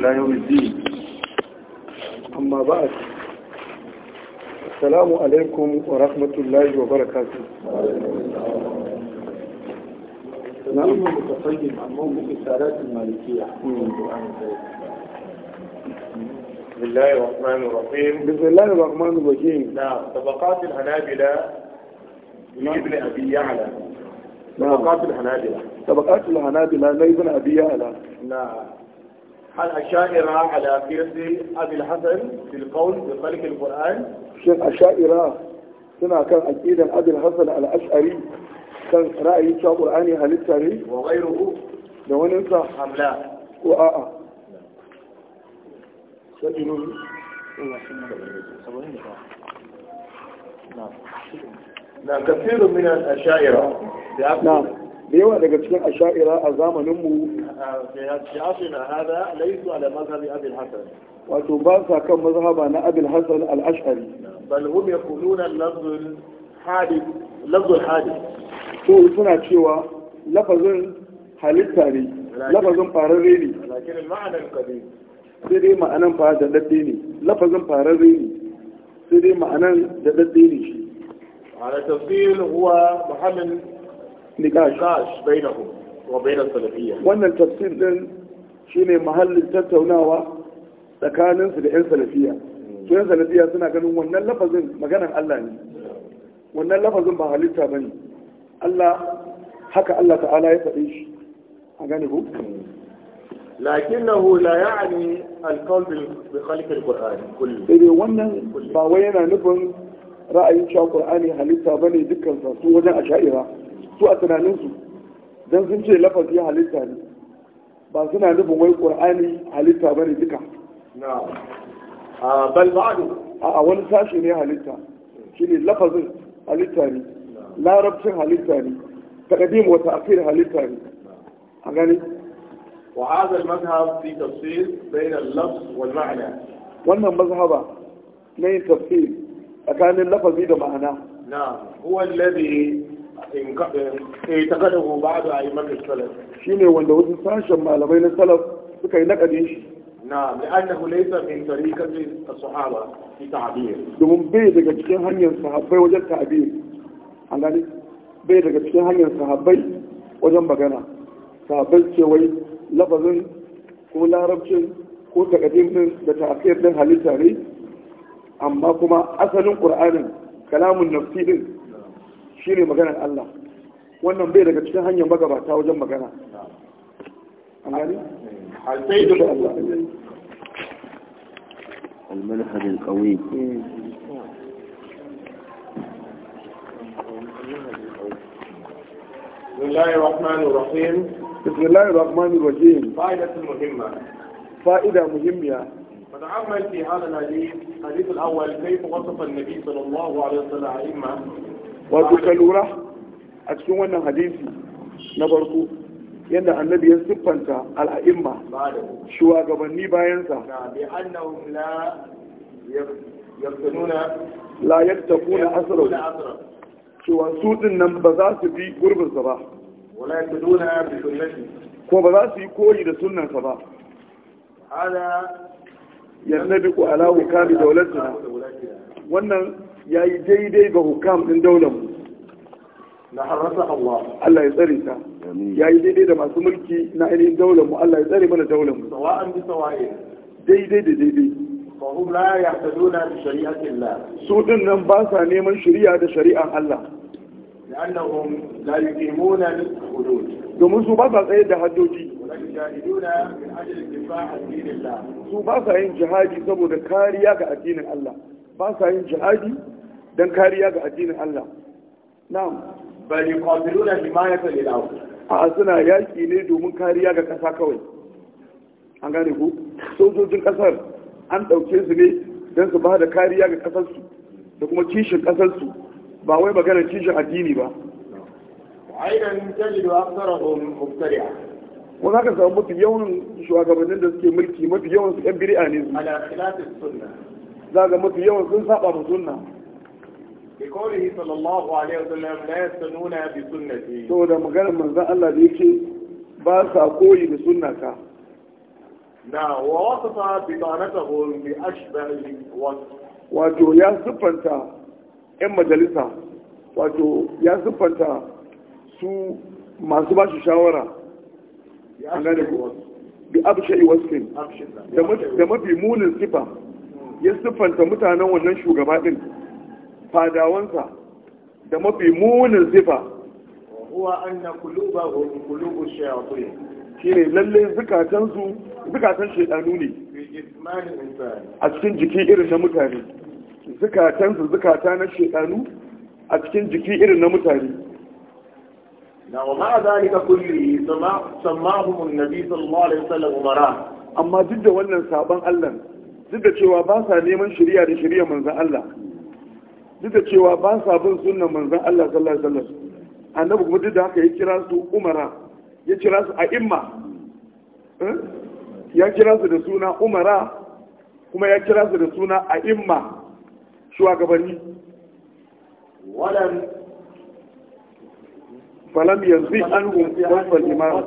إلى يوم الدين أما بعد السلام عليكم ورحمة الله وبركاته نعم متقيم عن موم السارات المالكية بسم الله الرحمن الرحيم بسم الله الرحمن الرحيم نعم طبقات الحنابلة لابن نعم. أبي يعلى طبقات الحنابلة طبقات الحنابلة لابن أبي يعلى نعم الأشائرة على قياس أبي الحسن في القول بخلق القرآن شيخ أشائرة سنة كان أكيدا أبي الحسن الأشعري كان رأي شاب قرآني هل التاري وغيره لو ننسى حملاء وآآ آه، آه. سجنون نعم كثير من الأشائرة نعم da yawa daga cikin asha'ira a zamaninmu wato ba sa kan mazhaba na abin hasan al-ash'ari bal hum yaquluna lafzul hadith lafzul hadith to suna cewa lafazin halitta ne lafazin fararre ne lakin ma'anar sai dai ma'anan fa da dadde ne lafazin fararre ne sai dai ma'anan da dadde ne shi ala tafsir huwa muhammad نقاش بينهم وبين السلفيه وان التفسير ده شيني محل التتوناوه تكانن في الحين السلفيه شنو السلفيه سنه كانوا وان اللفظ مكان الله ني وان اللفظ بحالتها بني الله حكى الله تعالى يفعيش اغاني هو لكنه لا يعني القول بخالق القران كله اذا وانا باوينا نبن راي ان شاء القران هل تابني ذكر صوره اشعيره su a tunaninsu don sun ce lafazi halitta ne ba suna nufin wai ƙur'ani halitta ba ne duka bal ba'adu a wani sashi ne halitta shi ne lafazin halitta ne larabcin halitta ne takadim wata akir halitta ne a gani وهذا المذهب في تفصيل بين اللفظ والمعنى wannan mazhaba na yin tafsir tsakanin lafazi da ma'ana na'am huwa alladhi Eh, eh, mafi بعض Shi ne wanda wasu sashen malamai na السلف suka yi nakadin shi na li'annahu mai tsari tariqati a sahaba fi ta'bir domin bai daga cikin hanyar sahabbai wajen ta'abiyar, an gani bai daga cikin hanyar sahabbai wajen magana sahabbai ce wai lafazin ko larabcin ko takadim din da ta'khir din halitta ne amma kuma asalin qur'anin kalamun nafsi din shi ne maganar Allah wannan bai daga cikin hanyar magabata wajen magana المنهج القوي بسم الله الرحمن الرحيم بسم الله الرحمن الرحيم فائدة مهمة فائدة مهمة فتعمل في هذا الحديث الحديث الأول كيف وصف النبي صلى الله عليه وسلم wato ka lura a cikin wannan hadisi na farko yadda annabi ya siffanta al'a'imma shugabanni bayansa la yaktafuna asirar cewa su din nan ba za su bi gurbinsa ba ko ba za su yi koyi da sunansa ba yana ku alawun wukari da wulatina wannan ya yi daidai ga hukam ɗin daular mu na harasa Allah Allah ya tsare ta ya yi daidai da masu mulki na ainihin daular mu Allah ya tsare mana daular mu sawa'an bi sawa'i daidai da daidai fahum la yahtaduna bi shari'atillah su din nan ba sa neman shari'a da shari'an Allah لأنهم لا يقيمون الحدود domin su ba sa tsaye da haddoji su ba sa yin jihadi saboda kariya ga addinin Allah ba sa yin jihadi don kariya ga addinin Allah na'am bari qatiluna himayatan lil ardh a suna yaki ne domin kariya ga kasa kawai an gane ku sojojin kasar an dauke su ne don su ba da kariya ga kasar su da kuma kishin kasar su ba wai maganar kishin addini ba aidan tajidu domin mubtadi'a wani haka samu mafi yawan shugabannin da suke mulki mafi yawan su 'yan biri'a ne su za ga mafi yawan sun saba mu sunna بقوله صلى الله عليه وسلم لا يستنون بسنتي تو ده مغانا منزان الله دي باسا قوي بسنتك نعم ووصف بطانته بأشبه وصف wato ya siffanta 'yan majalisa wato ya siffanta su masu ba shi shawara bi da mafi munin sifa ya sifanta mutanen wannan shugaba ɗin? fadawansa da mafi munin zifa huwa anna qulubahum qulubu shayatin shine lalle zukatan su zukatan shedanu ne a cikin jiki irin na mutane zukatan su zukata na shedanu a cikin jiki irin na mutane na wa ma'a zalika kulli sammahum annabi sallallahu alaihi wasallam umara amma duk da wannan sabon Allah duk da cewa ba sa neman shari'a da shari'a manzon Allah duk da cewa ba sa bin sunnan manzon Allah sallallahu alaihi wasallam annabi kuma duk da haka ya kira su umara ya kira su a'imma eh? ya kira su da suna umara kuma ya kira su da suna a'imma shugabanni walan falam yanzu an gumfi wasu imara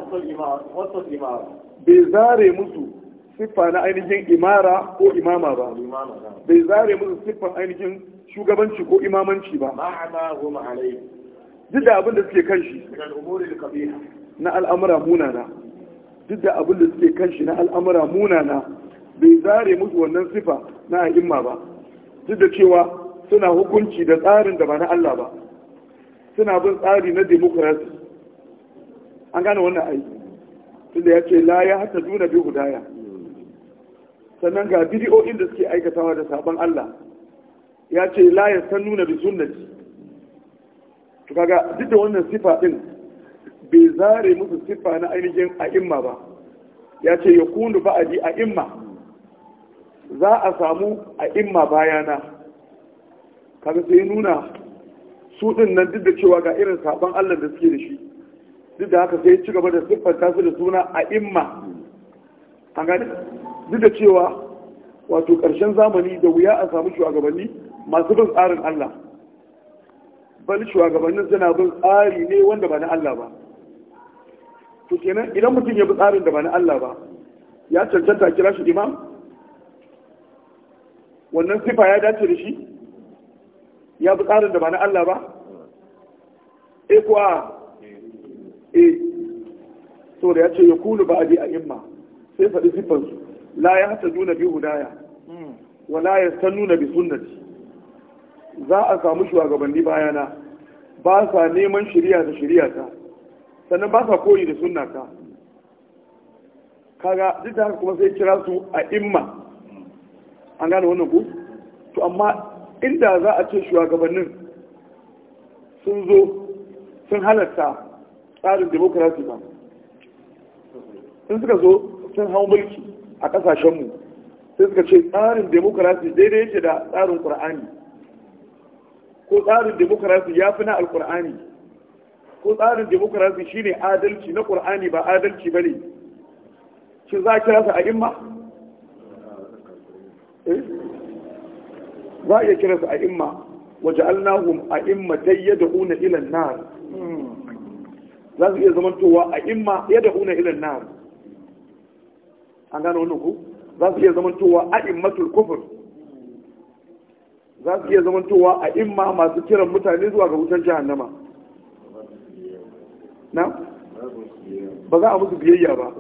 bai zare musu siffa na ainihin imara ko imama ba bai zare musu siffan ainihin shugabanci ko imamanci ba duk da abin da suke kan shi na al'amura munana duk da abin da suke kan shi na al'amura munana bai zare musu wannan siffa na a'imma ba duk da cewa suna hukunci da tsarin da ba na Allah ba suna bin tsari na demokrasi an gane wannan aiki tunda ya ce la ya hata duna bi hudaya sannan ga bidiyoyin da suke aikatawa da sabon Allah ya ce layar san nuna bi sunnati to kaga duk da wannan sifa din bai zare musu siffa na ainihin a a'imma ba ya ce ya kunu ba'adi a'imma za a samu a'imma bayana kaga sai nuna su din nan duk da cewa ga irin sabon Allah da suke da shi duk da haka sai ya ci gaba da siffanta su da suna a a'imma an gane duk da cewa wato ƙarshen zamani da wuya a samu shugabanni masu bin tsarin Allah bal shugabannin suna bin tsari ne wanda ba na Allah ba to kenan idan mutum ya bi tsarin da ba na Allah ba ya cancanta kira shi imam wannan sifa ya dace da shi ya bi tsarin da ba na Allah ba e kuwa e eh. so da ya ce ya kulu ba a imma sai faɗi siffansu la ya hata nuna bi hudaya wa la ya san nuna bi sunnati za a samu shugabanni bayana ba sa neman shirya da shirya ta sannan ba sa koyi da sunna ta kaga duk da haka kuma sai kira su a imma an gane wannan ku to amma inda za a ce shugabannin sun zo sun halatta tsarin demokrasi ba sun suka zo sun hau mulki a ƙasashenmu sai suka ce tsarin demokarasi daidai yake da tsarin ƙur'ani ko tsarin demokarasi ya fi na alƙur'ani ko tsarin demokarasi ne adalci na ƙur'ani ba adalci ba ne shi za a kira su a imma? Eh? za a iya kira su a imma waje alnahum a imma ta yadda una ilan nar hmm. za su iya zamantowa a imma yadda una ilan nar an gano wannan ku za su iya zamantowa a immatul kufur za su iya zamantowa a imma masu kiran mutane zuwa ga wutar jahannama na ba za a musu biyayya ba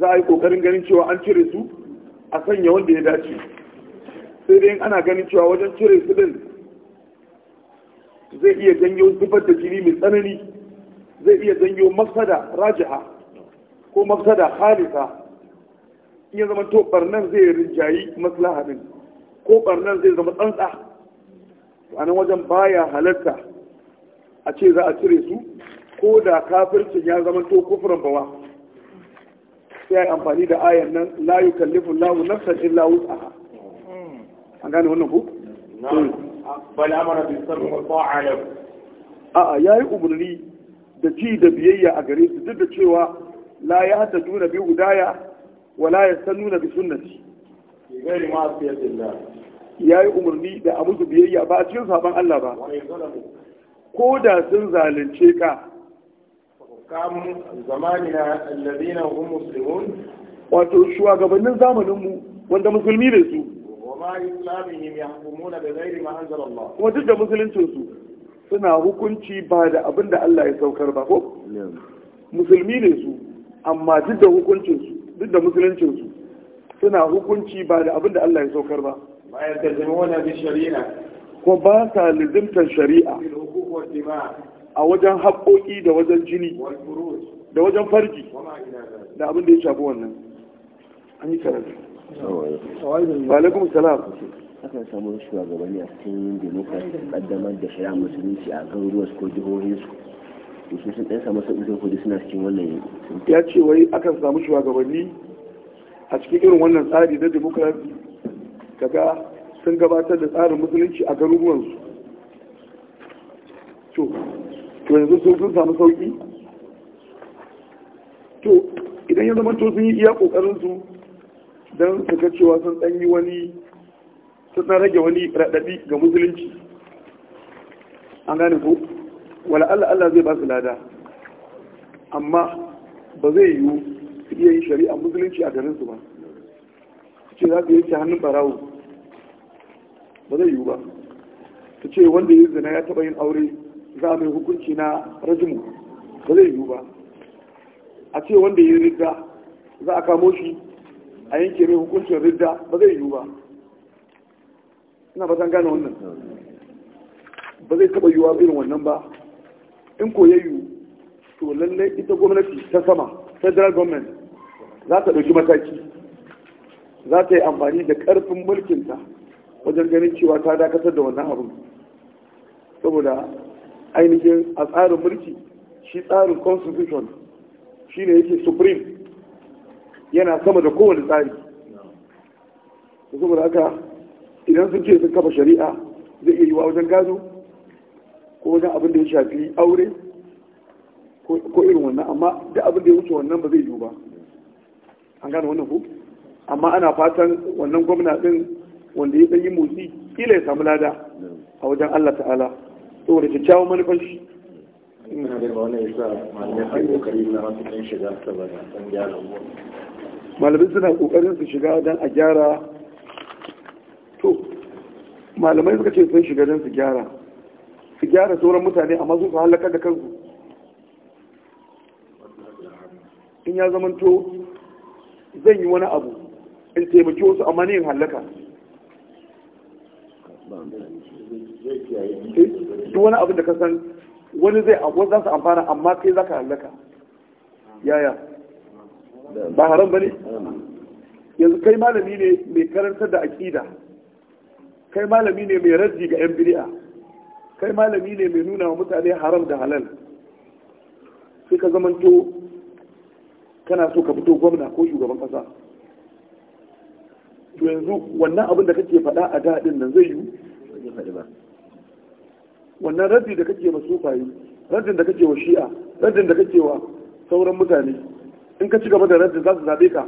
za a yi kokarin ganin cewa an cire su a sanya wanda ya dace sai dai ana ganin cewa wajen cire su din zai iya janyo zubar da jini mai tsanani zai iya janyo mafsada rajiha ko mafsada halisa ya zama to barnan zai rinjayi maslaha din ko barnan zai zama tsantsa a nan wajen baya halarta a ce za a cire su ko da kafircin ya zama to kufurin bawa sai a amfani da ayan nan la yukallifu lahu nafsan illa wus'aha an gane wannan ku bal amara bi sabr wa ta'ala a'a yayi umurni da ji da biyayya a gare su duk da cewa la ya ta duna bi hudaya wala ya بسنتي غير bi sunnati الله ya yi umarni da a با biyayya ba a cikin sabon Allah ba ko da sun zalunce ka kam zamanina alladhina hum muslimun wato shugabannin zamanin wanda musulmi ne suna hukunci ba da abin da Allah ya saukar ba ko musulmi ne su amma duk da hukuncin duk da musuluncinsu suna hukunci ba da abin da Allah ya saukar ba ko ba sa lizimtar shari'a a wajen haƙoƙi da wajen jini da wajen farji da abin da ya shafi wannan an yi karatu samu shugabanni a cikin demokrasi kaddamar da shari'a musulunci a garuruwarsu ko jihohinsu su sun ɗan samu sauƙi saboda suna cikin wannan ya ce wai akan samu shugabanni a cikin irin wannan tsari na demokrasi kaga sun gabatar da tsarin musulunci a garuruwansu to yanzu sun sun samu sauƙi to idan ya zama to sun yi iya ƙoƙarinsu don su ga cewa sun ɗan wani sun rage wani raɗaɗi ga musulunci an gane ko wala Allah Allah zai ba su lada amma ba zai yiwu su iya yin shari'a musulunci a garinsu ba su ce za su yi hannun barawo ba zai yiwu ba su ce wanda ya zina ya taɓa yin aure za a mai hukunci na rajimu ba zai yiwu ba a ce wanda ya ridda za a kamo shi a yanke mai hukuncin ridda ba zai yiwu ba ina ba zan gane wannan ba zai taɓa yiwuwa irin wannan ba in ko to lallai ita gwamnati ta sama federal government za ta ɗauki mataki za ta yi amfani da ƙarfin mulkinta wajen ganin cewa ta dakatar da wannan abin saboda ainihin a tsarin mulki shi tsarin constitution shi ne yake supreme yana sama da kowane tsari saboda haka idan sun ce sun kafa shari'a zai iya yiwa wajen gado ko wajen abin da ya shafi aure ko irin wannan amma duk abin da ya wuce wannan ba zai yiwu ba an gane wannan ku amma ana fatan wannan gwamna din wanda ya san yi motsi kila ya samu lada a wajen Allah ta'ala saboda kyakkyawan manufar shi malamai suna kokarin su shiga don a gyara to malamai suka ce sun shiga don su gyara su gyara sauran mutane amma su su halaka da kansu in ya to zan yi wani abu in taimaki wasu amma ne in halaka duk wani abin da ka san wani zai abuwa za su amfana amma kai za ka halaka yaya ba haram ba ne yanzu kai malami ne mai karantar da aƙida kai malami ne mai raddi ga 'yan bid'a kai malami ne mai nuna wa mutane haram da halal sai ka zamanto kana so ka fito gwamna ko shugaban kasa to yanzu wannan abin da kake faɗa a daɗin nan zai yi wannan raddi da kake wa sufayi raddin da kake wa shi'a raddin da kake wa sauran mutane in ka ci gaba da raddin za su zaɓe ka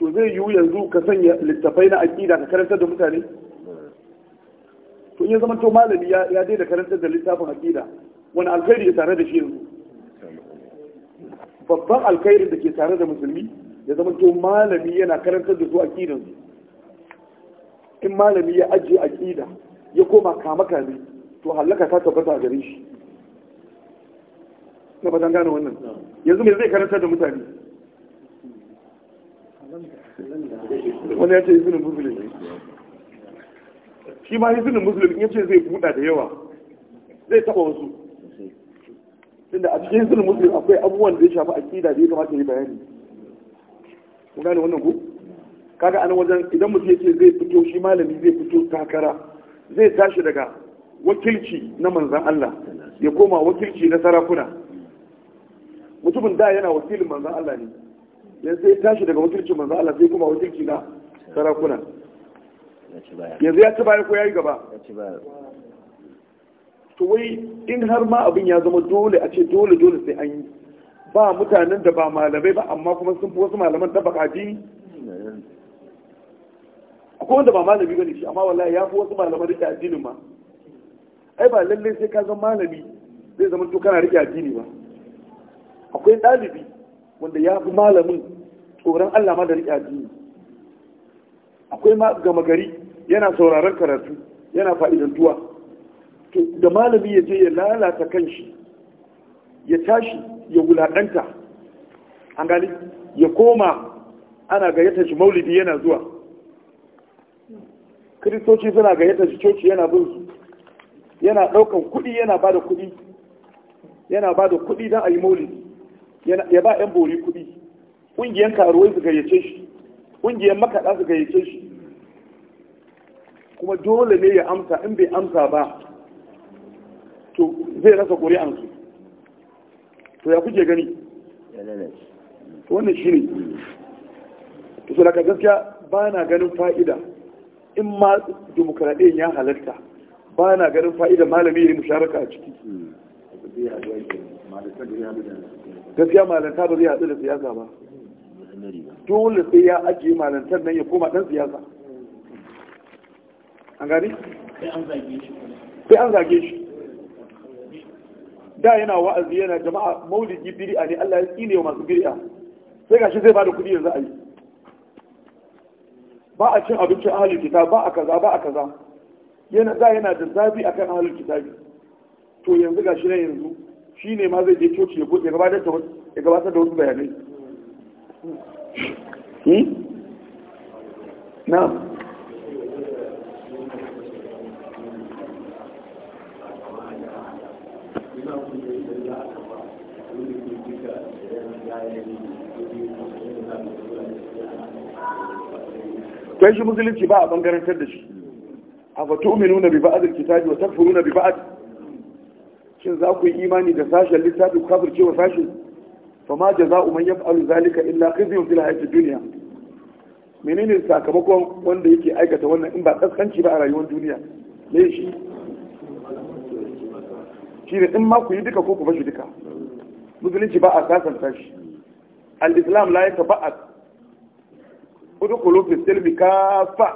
to zai yiwu yanzu ka sanya littafai na aƙida ka karantar da mutane in ya zama to malami ya daina karantar da littafin aqida wani alkhairi ya tare da shi yanzu babban alkhairi da ke tare da musulmi ya zama to malami yana karantar da su aqidan su in malami ya ajiye aqida ya koma kama kame to hallaka ta tabbata a gare shi na ba gane wannan yanzu me zai karantar da mutane wani ya ce izinin musulmi shi ma hizbin musulun ya ce zai buɗa da yawa zai taɓa wasu tunda a cikin hizbin musulun akwai abubuwan da ya shafi aƙida da ya kamata ya yi bayani ku gane wannan ku kaga anan wajen idan mutum ya ce zai fito shi malami zai fito takara zai tashi daga wakilci na manzan Allah ya koma wakilci na sarakuna mutumin da yana wakilin manzan Allah ne yanzu ya tashi daga wakilcin manzan Allah zai koma wakilci na sarakuna yanzu ya ci baya ko ya yi gaba to wai in har ma abin ya zama dole a ce dole dole sai an yi ba mutanen da ba malamai ba amma kuma sun fi wasu malaman da baka ji ko wanda ba malami bane shi amma wallahi ya fi wasu malaman rike addinin ma ai ba lallai sai ka zama malami zai zama to kana rike addini ba akwai ɗalibi wanda ya fi malamin tsoron Allah ma da rike addini akwai ma gama gari yana sauraron karatu yana fa'idantuwa to da malami ya je ya lalata kanshi ya tashi ya wulaɗanta an gani ya koma ana gayyata shi maulidi yana zuwa kiristoci suna gayyata shi coci yana bin su yana ɗaukan kuɗi yana ba da kuɗi yana ba da kuɗi don a yi maulidi ya ba 'yan bori kuɗi ƙungiyar karuwai su gayyace shi maka makaɗa su gayyace shi kuma dole ne ya amsa in bai amsa ba to zai rasa ƙuri'ansu to ya kuke gani to wannan shi ne to su daga gaskiya ba na ganin fa'ida in ma demokradiyyar ya halarta ba na ganin fa'ida malami ya yi musharaka a ciki gaskiya malanta ba zai haɗu da siyasa ba dole sai ya ajiye malantar nan ya koma dan siyasa an gani sai an zage shi da yana wa'azi yana jama'a maulidi bid'a ne Allah ya tsine masu bid'a sai gashi zai bada kudi yanzu a yi ba a cin abincin ahalin kita ba a kaza ba a kaza yana da yana da zafi akan ahalin kitabi to yanzu gashi na yanzu shine ma zai je coci ya bude gabatar da wasu bayanai نعم hmm? kai shi musulunci ba a bangarantar da shi a fatu minu na biba'adar kitabi wa tafuru na biba'ad shin za ku yi imani da sashen littafin kafirce wa sashen fama jaza'u man yaf'alu zalika illa khizyun fil hayatid dunya menene sakamakon wanda yake aikata wannan in ba kaskanci ba a rayuwar duniya ne shi shi ne in ma ku yi duka ko ku bashi duka musulunci ba a sasanta shi al-islam la yaka ba'at udkhulu fi silmi kafa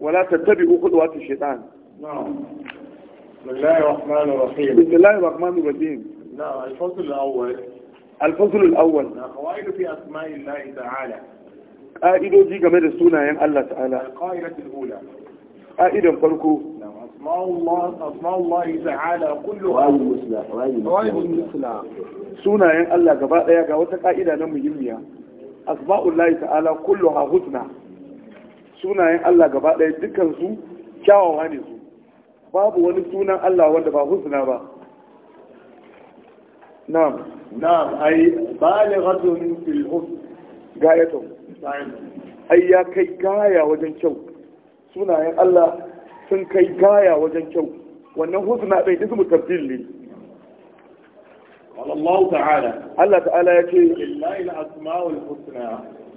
wala tattabi'u khudwati shaytan na'am بسم الله الرحمن الرحيم بسم الله الرحمن الرحيم نعم الفصل الأول الفصل الأول القواعد في أسماء الله تعالى قائد جي game da sunayen Allah ta'ala الأولى قائدا فرقو أسماء الله أسماء الله تعالى كلها قواعد المثلى sunayen Allah gaba daya ga wata ka'ida na muhimmiya asma'ul lahi ta'ala kulluha husna sunayen Allah gaba daya dukkan su kyawawa ne su babu wani sunan Allah wanda ba husna ba نعم نعم ai balighatun في الحب gayatun ai kai gaya wajen kyau sunayen Allah sun kai gaya wajen kyau wannan na ɗin ismu tabdil ne Allah ta'ala Allah ta'ala ya ce lillahi al-asma'ul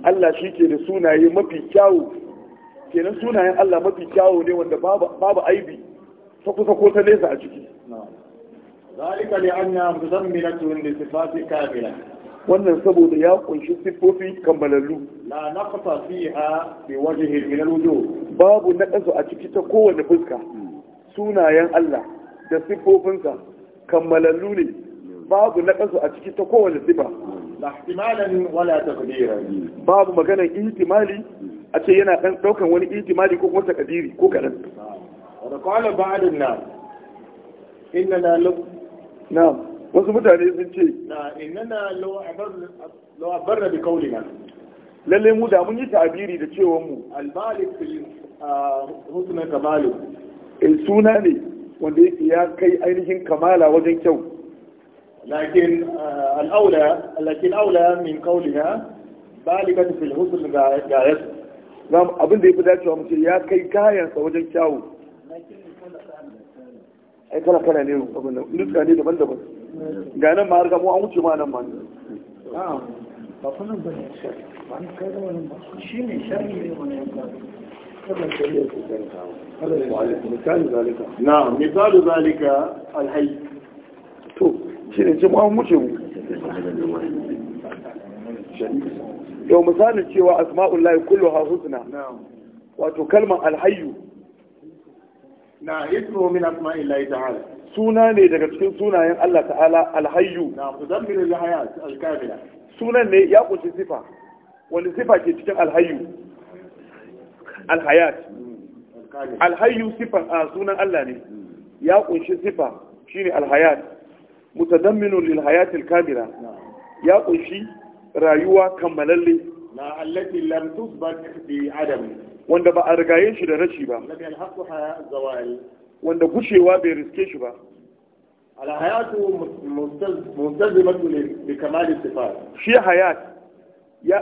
Allah shi ke da sunaye mafi kyawu kenan sunayen Allah mafi kyawu ne wanda babu aibi ta kusa ko ta nesa a ciki zalika li anna muzammilatun li sifati kamila wannan saboda ya kunshi siffofi kammalallu la naqsa fiha bi wajhi min al-wujuh babu naqasu a ciki ta kowanne fuska sunayen Allah da siffofinsa kammalallu ne babu naqasu a ciki ta kowane sifa la ihtimalan wala taqdiran babu maganar ihtimali a ce yana dan daukan wani ihtimali ko kuma takdiri ko kadan wa qala ba'd an-nas inna la na wasu mutane sun ce na innana law abarra bi qawlina lalle mu da mun yi tabiri da cewa mu albalik fil ah, husna kamalu in eh, suna ne wanda yake ya kai ainihin kamala wajen kyau lakin ah, al-aula lakin aula min ta fili fil husn ga yas abin da yafi dacewa mu ce ya kai kayansa wajen kyawu ai kala kala ne abin nuska ne daban-daban ga nan ma an wuce ma nan ma ba kuma ba ne ba ne kai da wannan ba shi ne sharri ne wannan na misalu zalika alhayy to shi ne ce an wuce mu yau misalin cewa asma'ullahi kullu ha husna wato kalmar alhayyu na ismu min asma'illahi ta'ala suna ne daga cikin sunayen Allah ta'ala alhayyu na muzammil alhayat alkamila sunan ne ya kunshi sifa wani sifa ke cikin alhayyu alhayat alhayyu sifa a sunan Allah ne ya kunshi sifa shine alhayat mutadamminun lil hayat alkamila ya kunshi rayuwa kammalalle na allati lam tusbat bi adam wanda ba a rigaye shi da rashi ba wanda gushewa bai riske shi ba alhayatu mustazimatu bi kamali sifat shi hayat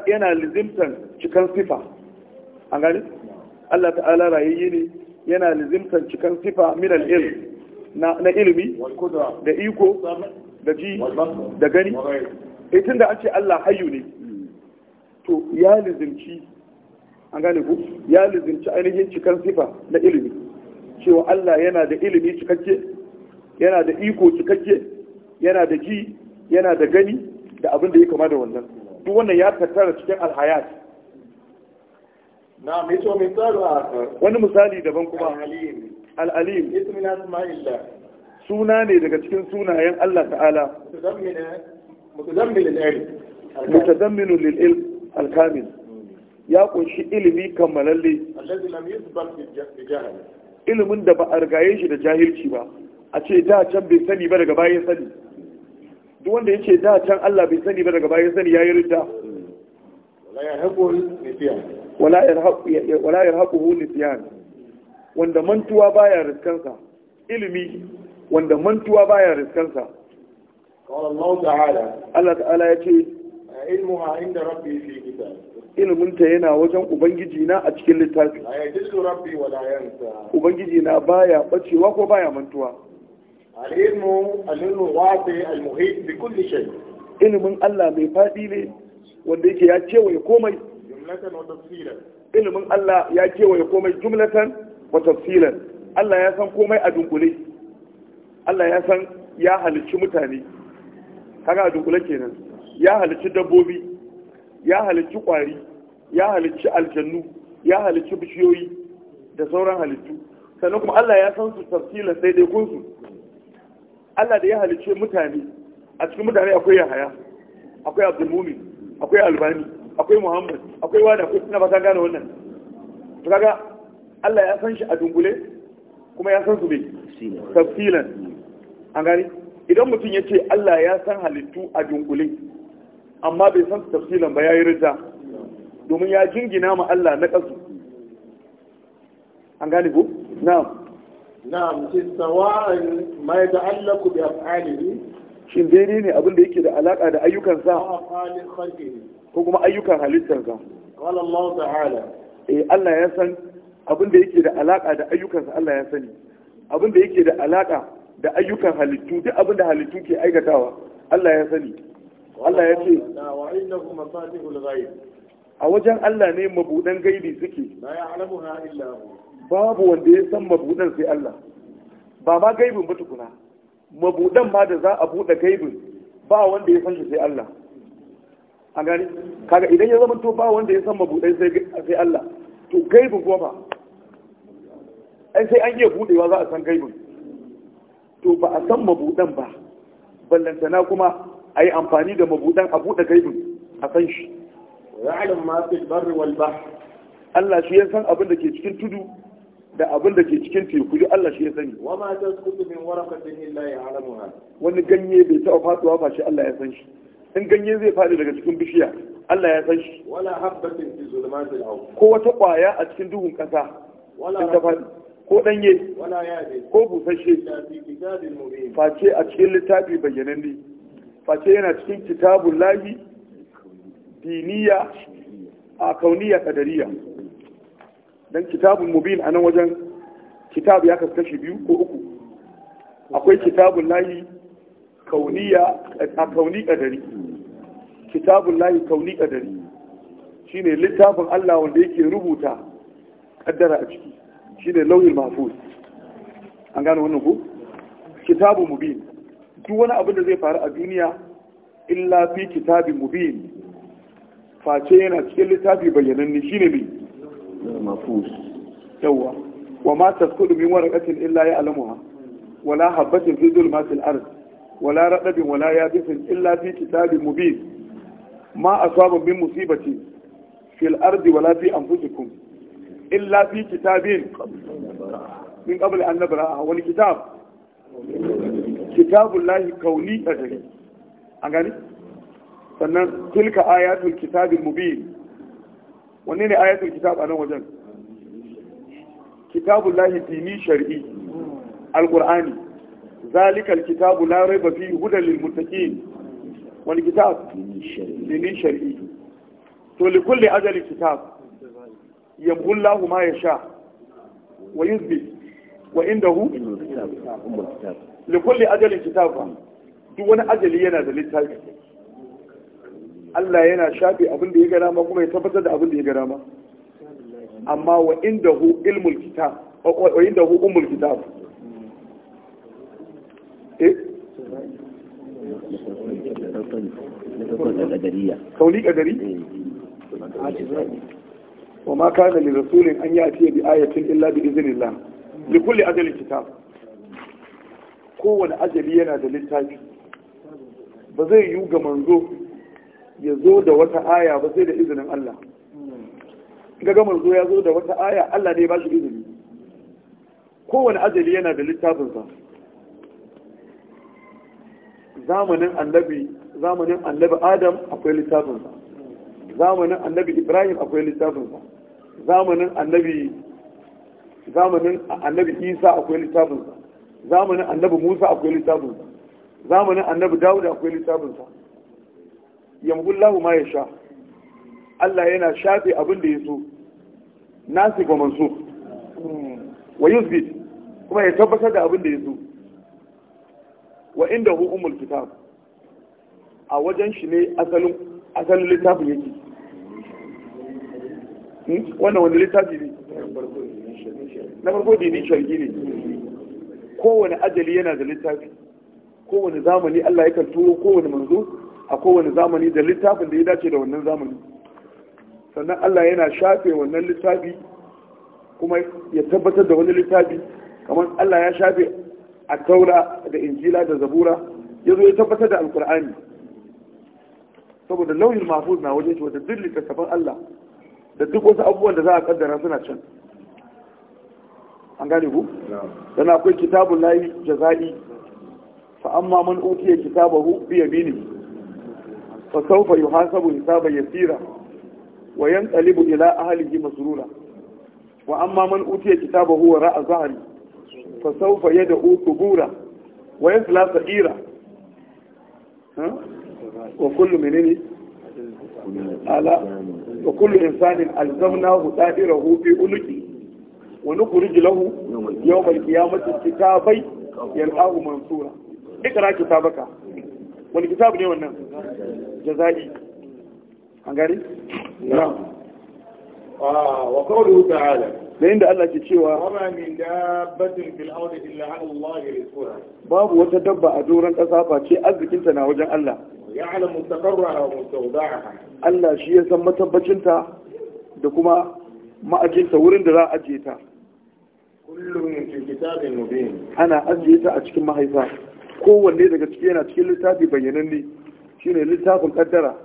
yana lizimtan cikan sifa an gani Allah ta'ala rayayye ne yana lizimtan cikan sifa min al-ilm na ilimi da iko da ji da gani eh tunda an ce Allah hayyu ne to ya lizimci an gane ku ya lizinci ainihin cikar sifa na ilimi cewa Allah yana da ilimi cikakke yana da iko cikakke yana da ji yana da gani da abin da ya kama da wannan duk wannan ya tattara cikin alhayat na mai tsohon misali wani misali daban kuma al'alim ismin asma'illah suna ne daga cikin sunayen Allah ta'ala mutazammin lil ilm al-kamil ya kunshi ilimi kammalalle ilimin da ba a rigaye shi da jahilci ba a ce da can bai sani ba daga bayan sani duk wanda ya ce da can Allah bai sani ba daga bayan sani ya yi ridda wala ya ne. wanda mantuwa baya riskansa ilimi wanda mantuwa baya riskansa Allah ta'ala Allah ta'ala yace ilmuha inda rabbi fi kitab ta yana wajen ubangiji na a cikin littafi rabbi wa la yansa ubangiji na baya bacewa ko baya mantuwa al-ilmu al-ilmu wasi al-muhit bi kulli shay ilimin Allah mai fadi ne wanda yake ya kewaye komai jumlatan wa tafsilan Allah ya cewa komai jumlatan wa tafsilan Allah ya san komai a dunkule Allah ya san ya halicci mutane kaga a dunkule kenan ya halici dabbobi ya halici kwari ya halici aljannu ya halici bishiyoyi da sauran halittu sannan kuma Allah ya san su tafsila sai dai kun su Allah da ya halice mutane a cikin mutane akwai Yahaya akwai Mumin akwai Albani akwai Muhammad akwai wani akwai suna ba ta gane wannan to kaga Allah ya san shi a dungule kuma ya san su bai tafsilan an gani idan mutum ya ce Allah ya san halittu a dungule amma bai san tafsilan ba ya yi rija domin ya jingina ma Allah na kasu an gane ko na'am na'am sawa'an ma yata'allaqu bi af'alihi shin daidai ne abin da yake da alaka da ayyukansa ko kuma ayyukan halittarsa qala Allah ta'ala eh Allah ya san abin da yake da alaka da ayyukansa Allah ya sani abin da yake da alaka da ayyukan halittu duk abin da halittu ke aikatawa Allah ya sani Allah ya ce a wajen Allah ne mabudan gaibi suke babu wanda ya san mabudan sai Allah ba ma gaibin ba tukuna mabudan ma da za a bude gaibin ba wanda ya san shi sai Allah a gani kaga idan ya zama to ba wanda ya san mabudan sai Allah to gaibin kuma ba ai sai an yi budewa za a san gaibin to ba a san mabudan ba ballantana kuma a yi amfani da mabudan a buɗe gaibin a san shi ya'lam ma fi barri wal bahr Allah shi ya san abin da ke cikin tudu da abin da ke cikin teku duk Allah shi ya sani wa ma tasqutu min waraqatin illa ya'lamuha wani ganye bai taɓa faduwa ba shi Allah ya san shi in ganye zai faɗi daga cikin bishiya Allah ya san shi wala habatin fi zulumatil ard ko wata ƙwaya a cikin duhun ƙasa wala ta faɗi ko ɗanye ko busasshe face a cikin littafi ne. face yana cikin kitabun lahi diniya a kauniya kadariya don kitabun mubin a nan wajen kitab ya kashi biyu ko uku akwai kitabun lahi kauniya a kauni kadari kitabun lahi kauni kadari shine littafin Allah wanda yake rubuta kaddara a ciki shine lauyin mafus an gano wannan ku kitabun mubin duk wani abin da zai faru a duniya illa fi kitabin mubin face yana cikin littafi bayyananne shine ne mafus yawa wa ma tasqudu min waraqatin illa ya'lamuha wala habatin fi zulmatil ard wala radabin wala yabisin illa fi kitabin mubin ma asaba min musibati fil ardi wala fi anfusikum illa fi kitabin min qabl an nabra'a wal kitab Kitabun lahi kitabullahi a qadari an gani sannan tilka ayatul kitabil mubin wanne ne ayatul kitab a nan wajen Kitabun lahi dini shar'i alqur'ani zalikal kitabu la raiba fihi hudan lil Wani kitab dini shari'i. to li ajali kitab yamhu Allahu ma sha. wa yuzbi wa indahu ummul kitab likulli ajalin kitabun duk wani ajali yana da littafi Allah yana shafe abin da ya gara ma kuma ya tabbatar da abin da ya gara ma amma wa inda hu ilmul kitab wa inda hu ummul kitab eh kauli kadari wa ma kana li rasulin an ya'ti bi ayatin illa bi idhnillah likulli ajalin kitab kowane ajali yana da littafi ba zai yi ga manzo ya zo da wata aya ba sai da izinin Allah ga manzo ya zo da wata aya Allah ne ba shi izini kowane ajali yana da littafinsa zamanin annabi zamanin annabi adam akwai littafinsa zamanin annabi ibrahim akwai littafinsa zamanin annabi zamanin annabi isa akwai littafinsa zamanin annabi musa akwai littafinsa zamanin annabi dawuda akwai littafinsa yambullahu ma ya sha allah yana shafe abin da ya so nasi ga mansu wa yusbit kuma ya tabbatar da abin da ya so wa inda hukumul kitab a wajen shi ne asalin asalin littafin yake hmm? wannan wani littafi ne na farko dini shargi ne kowane ajali yana da littafi kowane zamani Allah yakan turo kowane manzo a kowane zamani da littafin da ya dace da wannan zamani sannan Allah yana shafe wannan littafi kuma ya tabbatar da wani littafi kamar Allah ya shafe a taura da injila da zabura ya zo ya tabbatar da alkur'ani saboda lauyin mahfuz na wajen shi wata duk littattafan Allah da duk wasu abubuwan da za a kaddara suna can an gane ku dana akwai kitabun layi jazai fa amma man utiya kitabahu bi yamini fa sawfa yuhasabu ya yasira wa yanqalibu ila ahlihi masrura wa amma man utiya kitabahu wa ra'a zahri fa sawfa yad'u qubura wa yasla sa'ira wa kullu menene ala wa kullu insanin alzamnahu da'irahu bi uluki wani kuri lahu yau mai kiyamata kitabai yal'ahu mansura ikra kitabaka wani kitabu ne wannan jaza'i an gari? na wa kawo ta'ala da inda Allah ke cewa min babu wata dabba a doron ƙasa face arzikinta na wajen Allah Allah shi ya san matabbacinta da kuma ma'ajinta wurin da za a ajiye ta kullum ana ajiye ta a cikin mahaifa kowanne daga ciki yana cikin littafi bayyananne ne littafin kaddara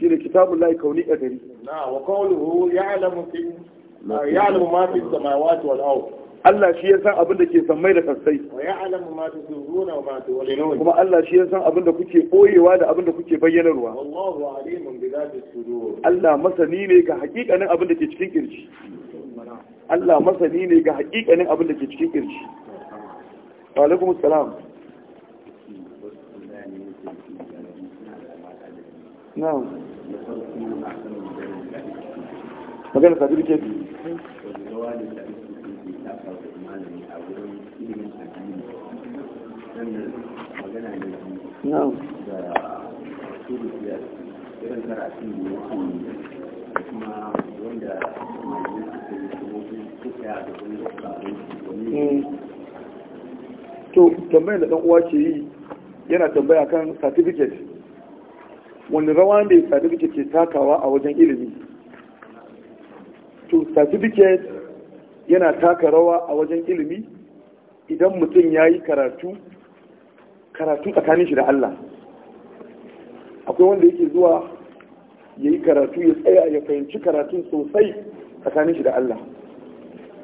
ne kitabun lahi kauni a gari wa Allah shi ya san abin da ke sammai da kasai kuma Allah shi ya san abin da kuke ɓoyewa, da abin da kuke bayyanarwa Allah masani ne ga hakikanin abin da ke cikin kirji Allah masani ne ga hakikanin abin da ke cikin kirji wa alaikum salam na'am magana ta duke bi na'am irin karatun da yake kuma wanda Hmm. to tambayar da ɗan uwa ke yi yana tambaya kan certificate wani rawa ne certificate ke takawa a wajen ilimi to certificate yana taka rawa a wajen ilimi idan mutum ya yi karatu karatu tsakanin shi da Allah akwai wanda yake zuwa ya yi karatu ya tsaya ya fahimci karatu sosai tsakanin shi da Allah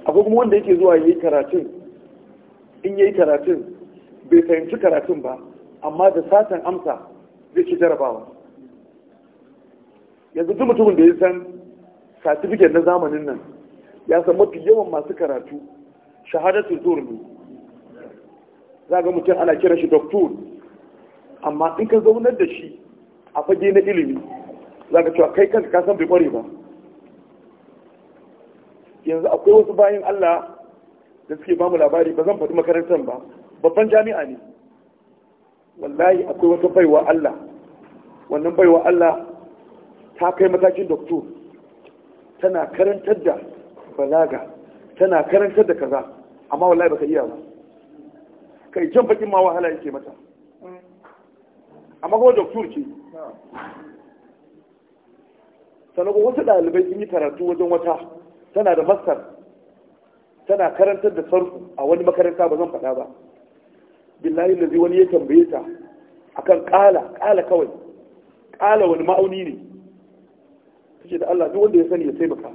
akwai kuma wanda yake zuwa yayi karatun in yayi karatun bai fahimci karatun ba amma da satan amsa zai ci jarabawa yanzu duk mutumin da ya san satifiket na zamanin nan ya san mafi yawan masu karatu shahadatu zuwa ne za ga mutum ana kira shi doktor amma in ka zaunar da shi a fage na ilimi za ka cewa kai kanka kasan bai kware ba yanzu akwai wasu bayan Allah da suke ba mu labari ba zan faɗi makarantar ba babban jami'a ne wallahi akwai wata baiwa Allah wannan baiwa Allah ta kai matakin doktor tana karantar da balaga tana karantar da kaza amma wallahi baka iya ba kai jan bakin ma wahala yake mata amma kuma doktor ce sannan wasu ɗalibai sun yi karatu wajen wata tana da masar tana karantar da sarfu a wani makaranta ba zan faɗa ba billahi lazi wani ya tambaye ta akan kala, kala kawai kala wani ma'auni ne kace da Allah duk wanda ya sani ya taimaka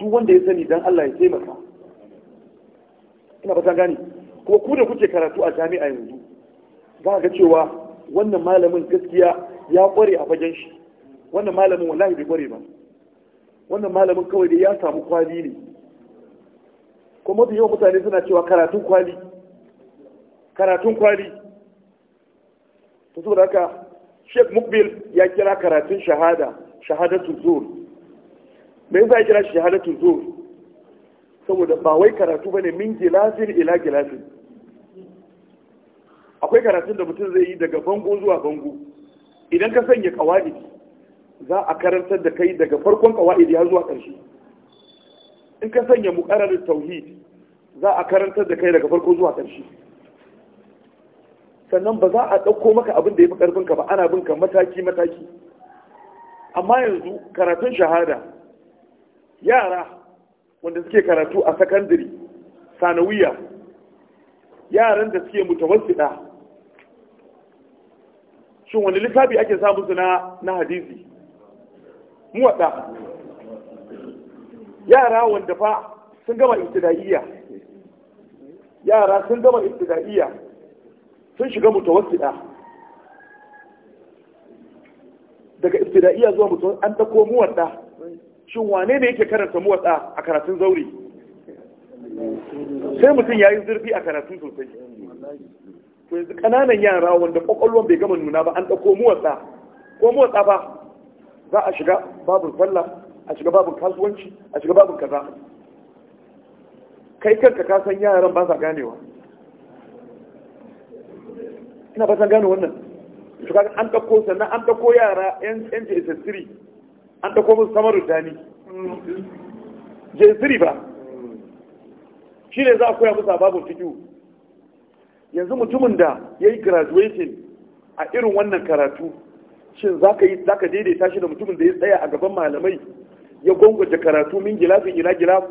duk wanda ya sani dan Allah ya taimaka ina ba ta gani kuma ku da kuke karatu a jami'a yanzu za ga cewa wannan malamin gaskiya ya kware a fagen shi wannan malamin wallahi bai kware ba wannan malamin kawai da ya samu kwali ne kuma da yawan mutane suna cewa karatun kwali karatun kwali ta saboda haka sheik mukbil ya kira karatun shahada shahadatu zur me yasa ya kira shahadatun zuwa saboda ba wai karatu bane min gilafin ila gilafin akwai karatun da mutum zai yi daga bango zuwa bango idan ka sanya kawai za a karantar da kai daga farkon kawai ya zuwa ƙarshe in ka sanya muƙararin tauhid za a karantar da kai daga farko zuwa ƙarshe sannan ba za a ɗauko maka abin da ya fi ƙarfinka ba ana binka mataki-mataki amma yanzu karatun shahada yara wanda suke karatu a sakandare sanawiya yaran da suke mutawassida shin wani littafi ake samun su na hadisi muwaɗa yara wanda fa sun gama ibtida'iyya yara sun gama ibtida'iyya sun shiga mutawassida daga ibtida'iyya zuwa mutum an dako muwaɗa shin wane ne yake karanta muwaɗa a karatun zaure sai mutum ya yi zurfi a karatu sosai to yanzu ƙananan yara wanda ƙwaƙwalwan bai gama nuna ba an ɗauko muwatsa ko muwatsa ba za a shiga babin sallah a shiga babin kasuwanci a shiga babin kaza kai kanka ka san yaran ba sa ganewa ina ba san gane wannan to kaga an dauko sannan an dauko yara yan yan JS3 an dauko musu samar ni, je 3 ba shi ne za a koya musu babu fiqh yanzu mutumin da yayi graduation a irin wannan karatu shin za ka daidaita shi da mutumin da ya tsaya a gaban malamai ya gwangwaje karatu min gilafin ila gilaf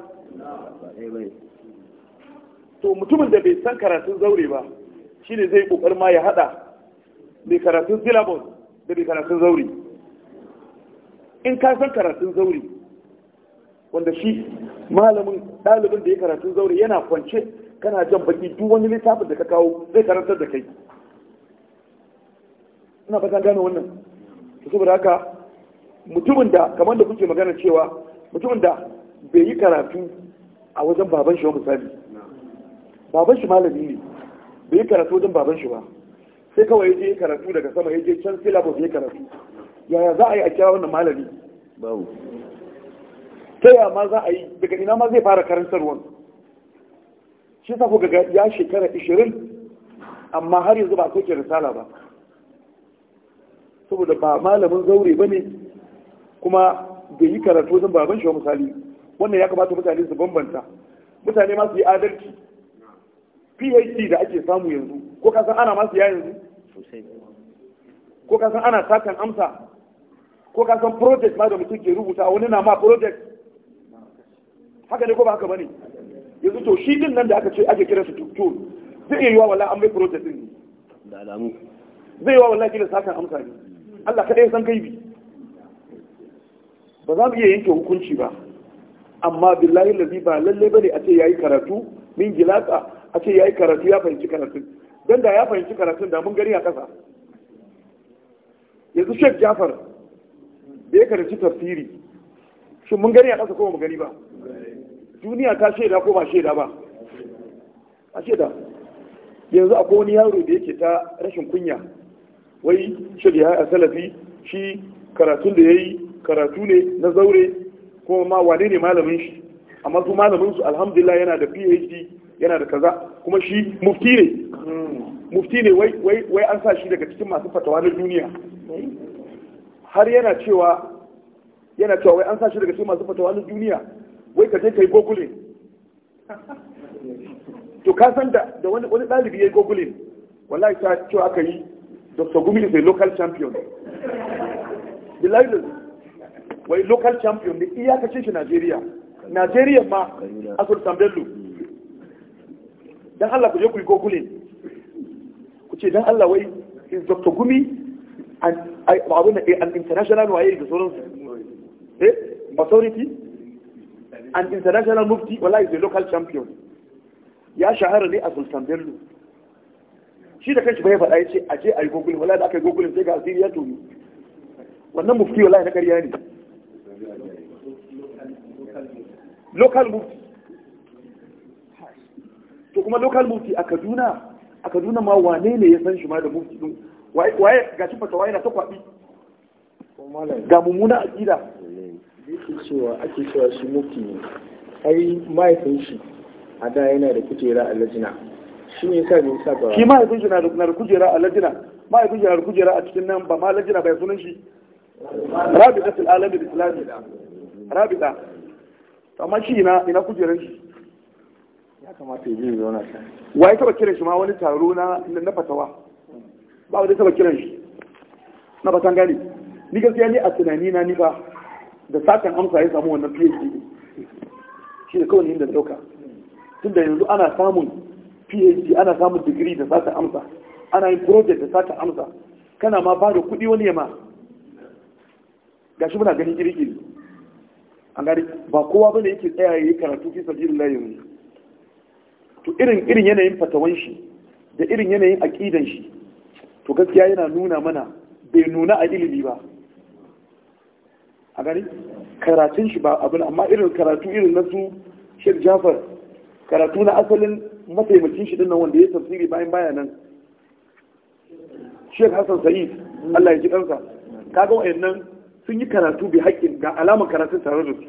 to mutumin da bai san karatun zaure ba shi ne zai kokar ma ya hada mai karatun syllabus da mai karatun zaure in ka san karatun zaure wanda shi malamin ɗalibin da ya karatun zaure yana kwance kana jan baki duk wani littafin da ka kawo zai karantar da kai ina fatan gane wannan to saboda haka mutumin da kamar da kuke magana cewa mutumin da bai yi karatu a wajen baban shi wa misali baban shi malami ne bai yi karatu wajen baban shi ba sai kawai yaje yi karatu daga sama yaje can can syllabus yi karatu yaya za a yi a kira wannan malami babu ta yaya ma za a yi daga ina ma zai fara karantarwan shi sa ku ga ya shekara 20 amma har yanzu ba a soke risala ba saboda ba malamin zaure ba ne kuma bai yi karatu wajen baban shi wa misali wannan ya kamata mutane su bambanta mutane masu yi adalci phd da ake samu yanzu ko ka san ana masu ya yanzu ko ka san ana satan amsa ko ka san project ma da mutum ke rubuta wani na ma project haka ne ko ba haka bane yanzu to shi din nan da aka ce ake kira su tutur zai iya yiwa wallahi an mai project din da alamu zai yiwa wallahi kila satan amsa ne Allah kaɗai san bi ba za mu iya yanke hukunci ba amma billahi lazi ba lalle bane a ce ya yi karatu min gilasa a ce ya yi karatu ya fahimci karatun don da ya fahimci karatun da mun gani a ƙasa yanzu Sheikh Jafar da ya karanci tafsiri shi mun gani a ƙasa ko mu gani ba duniya ta shaida ko ba shaida ba a shaida yanzu akwai wani yaro da yake ta rashin kunya wai shirya a salafi shi karatun da ya yi karatu ne na zaure ko ma wane ne malamin shi amma su malamin su alhamdulillah yana da phd yana da kaza kuma shi mufti ne mufti ne wai an sa shi daga cikin masu fatawa na duniya har yana cewa yana cewa wai an sa shi daga cikin masu fatawa na duniya wai ka je ka yi gogule to ka san da wani ɗalibi ya yi gogule wallahi ta cewa aka yi Dr. Gumi is a local champion. The Bilal wai local champion ne iyakacin shi Najeriya. Najeriya ma a Sultan Bello. Dan Allah ku je ku yi gogule. Ku ce dan Allah wai is Dr. Gumi an abin eh, an international waye da sauransu. Eh authority an international mufti wala is a local champion. Ya shahara ne a Sultan Bello. shi da kanshi bai faɗa ya ce a je a yi gogulin wala da aka yi gogulin sai ga asiri ya tobi wannan mufti wala na ƙarya ne local mufti to kuma local mufti a kaduna a kaduna ma wane ne ya san shi ma da mufti din waye ga shi fatawa yana ta kwabi ga mummuna akida yake cewa ake cewa shi mufti ne ai mahaifin shi a da yana da kujera a lajina shi ne yasa sa ba shi ma yakin shi na da kujera a lajina ma yakin shi na da kujera a cikin nan ba ma lajina bai sunan shi rabita fil alamin islami rabita amma shi ina ina kujeran shi ya kamata yi biyu zauna wa ya taba kiran shi ma wani taro na na fatawa ba wani taba kiran shi na fatan gani ni gaskiya ni a tunani na ni ba da satan amsa ya samu wannan PhD shi da kawai ni da dauka tunda yanzu ana samun phd ana samun digiri da za ta amsa ana yin project da za ta amsa kana ma ba da kudi wani yamma gashi muna ganin iri an ba kowa bane yake tsayaye yayi karatu fi layin yanzu to irin irin yanayin fatawan shi da irin yanayin aƙidan shi to gaskiya yana nuna mana bai nuna a ilimi ba a gari karatun shi ba abin amma irin karatu irin na su Sheikh Jafar karatu na asalin mataimakin shi dinnan wanda ya tafsiri bayan baya nan Sheikh Hassan Sa'id Allah ya ji kansa kaga wayannan sun yi karatu bi haƙƙin ga alamar karatun tare da su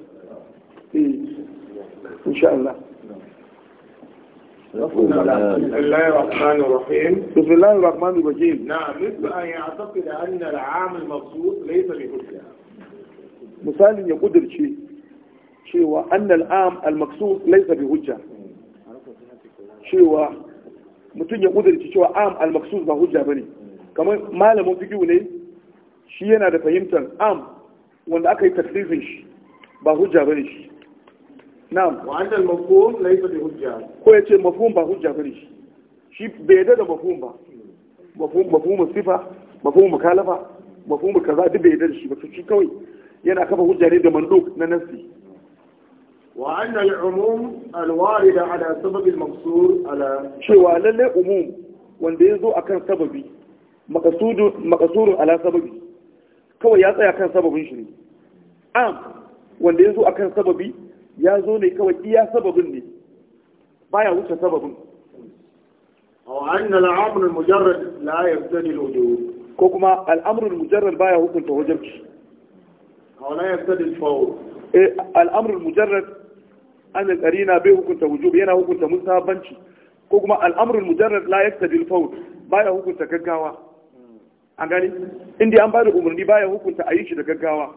eh insha Allah بسم الله الرحمن الرحيم بسم الله الرحمن الرحيم نعم مثل أن يعتقد أن العام المبسوط ليس بحجة مثال يقدر شيء شيء وأن العام المقصود ليس بحجة cewa mutum ya kudurci cewa am al-maqsud ba hujja bane kamar malamin fiqh ne shi yana da fahimtar am wanda aka yi taklifin shi ba hujja bane shi na'am wa al mafhum laysa bi hujja ko yace mafhum ba hujja bane shi shi bai yadda da mafhum ba mafhum mafhum sifa mafhum mukalafa mafhum kaza duk bai yadda da shi ba shi kawai yana kafa hujja ne da manduk na Nasi. وأن العموم الوارد على سبب المقصور على شوى للي عموم wanda ya zo a kan sababi makasurin ala kawai ya tsaya kan sababin shi ne am wanda ya zo a kan sababi ya zo ne kawai iya sababin ne baya wuce sababin aw anna al-amr al-mujarrad la yaqtadi ko kuma hukunta anil qarina bai hukunta wujub yana hukunta musabanci ko kuma al'amrul mujarrad la yaqtadi al-fawt baya hukunta gaggawa an gani inda an bada umarni baya hukunta a yi shi da gaggawa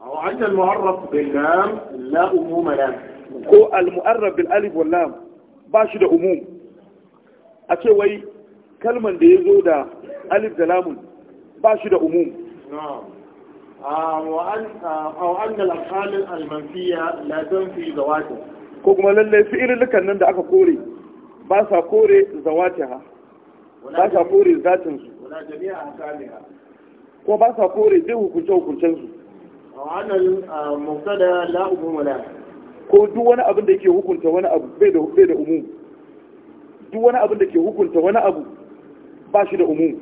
aw anta al-mu'arraf bil lam la umuma la ko al-mu'arraf bil alif wal lam ba shi da umum a ce wai kalman da yazo da alif da lamun ba shi da umum na'am أو أن الأفعال المنفية لا تنفي زواتها ko kuma lallai fi'ilulukan nan da aka kore ba sa kore ha. ba sa kore zatin su ko ba sa kore duk hukunce hukuncen su wannan mubtada la umuma la ko duk wani abin da ke hukunta wani abu bai da bai da duk wani abin da ke hukunta wani abu ba shi da umu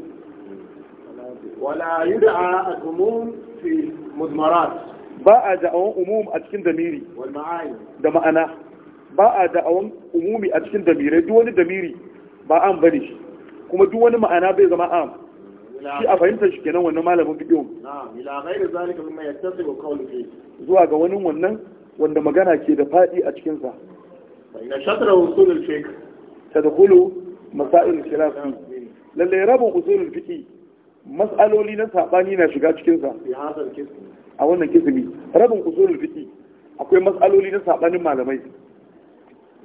wala yud'a al-umum في مضمرات باء دعوان أموم أتكين دميري والمعاني ده معناه باء دعوان أمومي أتكين دميري دون دميري باء أم بنيش كما دون معناه بي زما أم shi a fahimtar shi kenan wannan malamin bidiyon zuwa ga wani wannan wanda magana ke da faɗi a cikinsa ta da kulu masa'il khilafi lallai rabin usulul fiqi Matsaloli na saɓani na shiga cikinsa a wannan kisimi rabin kusurin fiqi akwai matsaloli na saɓanin malamai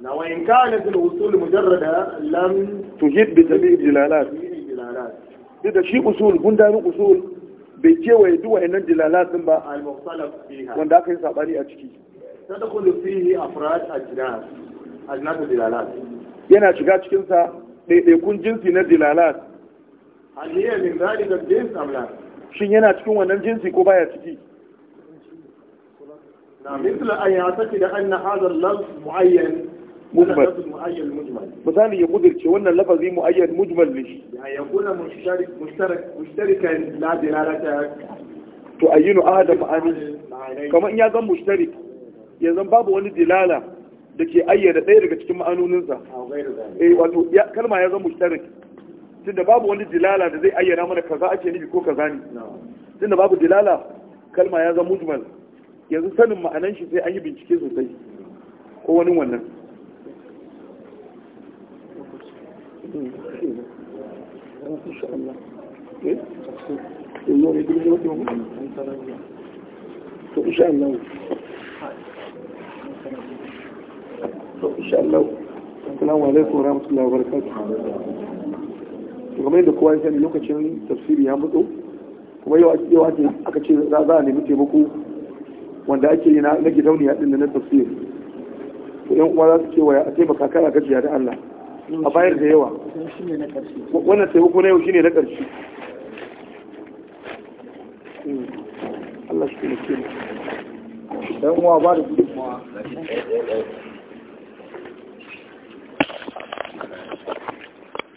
na wa in kana fil usul mujarrada lam tuhid bi jami'i dilalat duk da shi usul gundarin usul bai kewaye duk wa'annan dilalat din ba wanda aka yi saɓani a ciki tadkhulu fihi afrad ajnas ajnas dilalat yana shiga cikinsa ɗaiɗaikun jinsi na jilalat aliyya min zalika jins amla shin yana cikin wannan jinsi ko baya ciki na misal an ya saki da anna hadha al-lafz muayyan mujmal muayyan mujmal misali ya kudirce wannan lafazi muayyan mujmal ne shi ya yakuna mushtarik mushtarak mushtarikan la dilalata to ayyinu ahada ma'ani kamar in ya zan mushtarik yanzu babu wani dilala da ke ayyana ɗaya daga cikin ma'anoninsa eh wato kalma ya zama mushtarik tunda babu wani dilala da zai ayyana mana kaza ake nufi ko kaza ne tunda babu dilala kalma ya zama mujmal yanzu sanin ma'anan shi sai an yi bincike sosai ko wani wannan Allah to kamar yadda kowa ya sani lokacin tafsiri ya mutu kuma yau yau ake aka ce za a nemi taimako wanda ake yi na gidauniya din da na tafsir to yan uwa za su cewa a taimaka kana gajiya da Allah a bayar da yawa wannan taimako na yau shine na ƙarshe Allah shi ne ke dan uwa ba da gudunmawa